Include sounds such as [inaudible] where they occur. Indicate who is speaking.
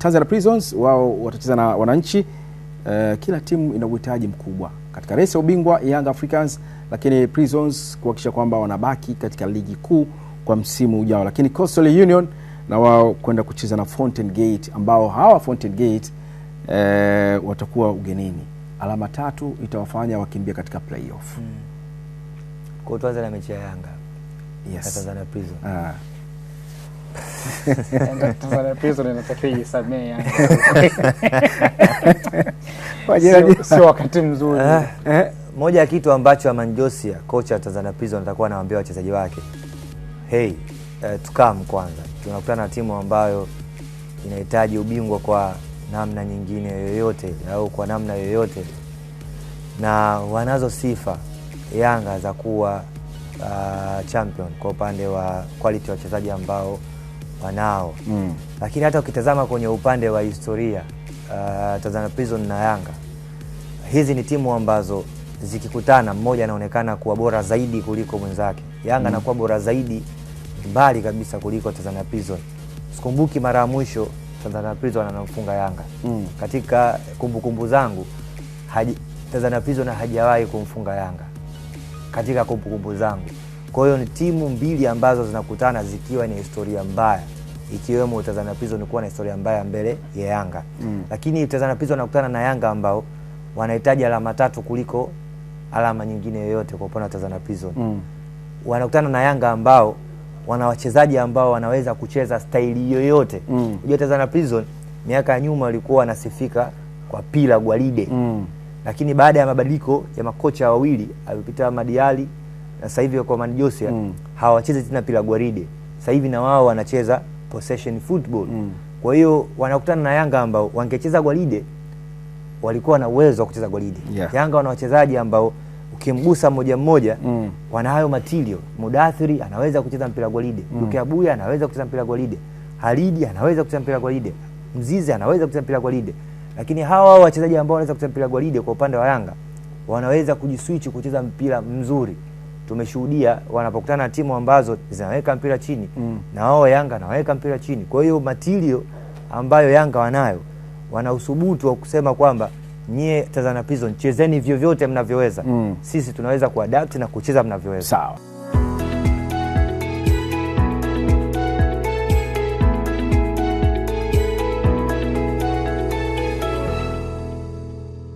Speaker 1: Tanzania Prisons wao watacheza na Wananchi. Uh, kila timu ina uhitaji mkubwa katika race ya ubingwa Young Africans, lakini Prisons kuhakikisha kwamba wanabaki katika ligi kuu kwa msimu ujao, lakini Coastal Union na wao kwenda kucheza na Fountain Gate ambao hawa Fountain Gate uh, watakuwa ugenini. Alama tatu itawafanya wakimbia katika playoff. Hmm.
Speaker 2: Kwa tuanze na mechi ya Yanga. Yes. Tanzania Prisons. Ah. Uh.
Speaker 3: [laughs] [laughs] [laughs] Sio wakati mzuri. Eh, eh,
Speaker 2: moja ya kitu ambacho amanjosia kocha Tanzania Prisons atakuwa anawambia wachezaji wake, hey, uh, eh, tukam kwanza, tunakutana na timu ambayo inahitaji ubingwa kwa namna nyingine yoyote au kwa namna yoyote, na wanazo sifa Yanga za kuwa uh, champion kwa upande wa quality wachezaji ambao wanao mm. Lakini hata ukitazama kwenye upande wa historia uh, Tanzania Prison na Yanga, hizi ni timu ambazo zikikutana mmoja anaonekana kuwa bora zaidi kuliko mwenzake. Yanga mm. anakuwa mm. bora zaidi mbali kabisa kuliko Tanzania Prison. Sikumbuki mara ya mwisho Tanzania Prison anamfunga Yanga mm. katika kumbukumbu kumbu zangu haji, Tanzania Prison hajawahi kumfunga Yanga katika kumbukumbu kumbu zangu kwa hiyo ni timu mbili ambazo zinakutana zikiwa ni historia mbaya ikiwemo Tanzania Prison kuwa na historia mbaya mbele ya Yanga mm. Lakini Tanzania Prison wanakutana na Yanga ambao wanahitaji alama tatu kuliko alama nyingine yoyote kwa upande wa Tanzania Prison mm. Wanakutana na Yanga ambao wana wachezaji ambao wanaweza kucheza staili yoyote mm. Unajua Tanzania miaka ya nyuma walikuwa wanasifika kwa pila gwaride mm. Lakini baada ya mabadiliko ya makocha wawili alipita Madiali na sasa hivi kwa Man Jose eh, mm. hawachezi tena pila gwaride, sasa hivi na wao wanacheza possession football mm. kwa hiyo wanakutana na Yanga ambao wangecheza gwaride walikuwa na uwezo wa kucheza gwaride yeah. Yanga wana wachezaji ambao ukimgusa mmoja mmoja mm. wana hayo matilio. Mudathiri anaweza kucheza mpira gwaride mm. Duke Abuya anaweza kucheza mpira gwaride, Halidi anaweza kucheza mpira gwaride, Mzizi anaweza kucheza mpira gwaride, lakini hawa wachezaji ambao wanaweza kucheza mpira gwaride kwa upande wa Yanga wanaweza kujiswitch kucheza mpira mzuri tumeshuhudia wanapokutana na timu ambazo zinaweka mpira chini mm. na wao Yanga naweka mpira chini. Kwa hiyo matirio ambayo Yanga wanayo, wana uthubutu wa kusema kwamba nyie Tazana Prison chezeni vyovyote mnavyoweza mm. sisi tunaweza kuadapti na kucheza mnavyoweza. Sawa.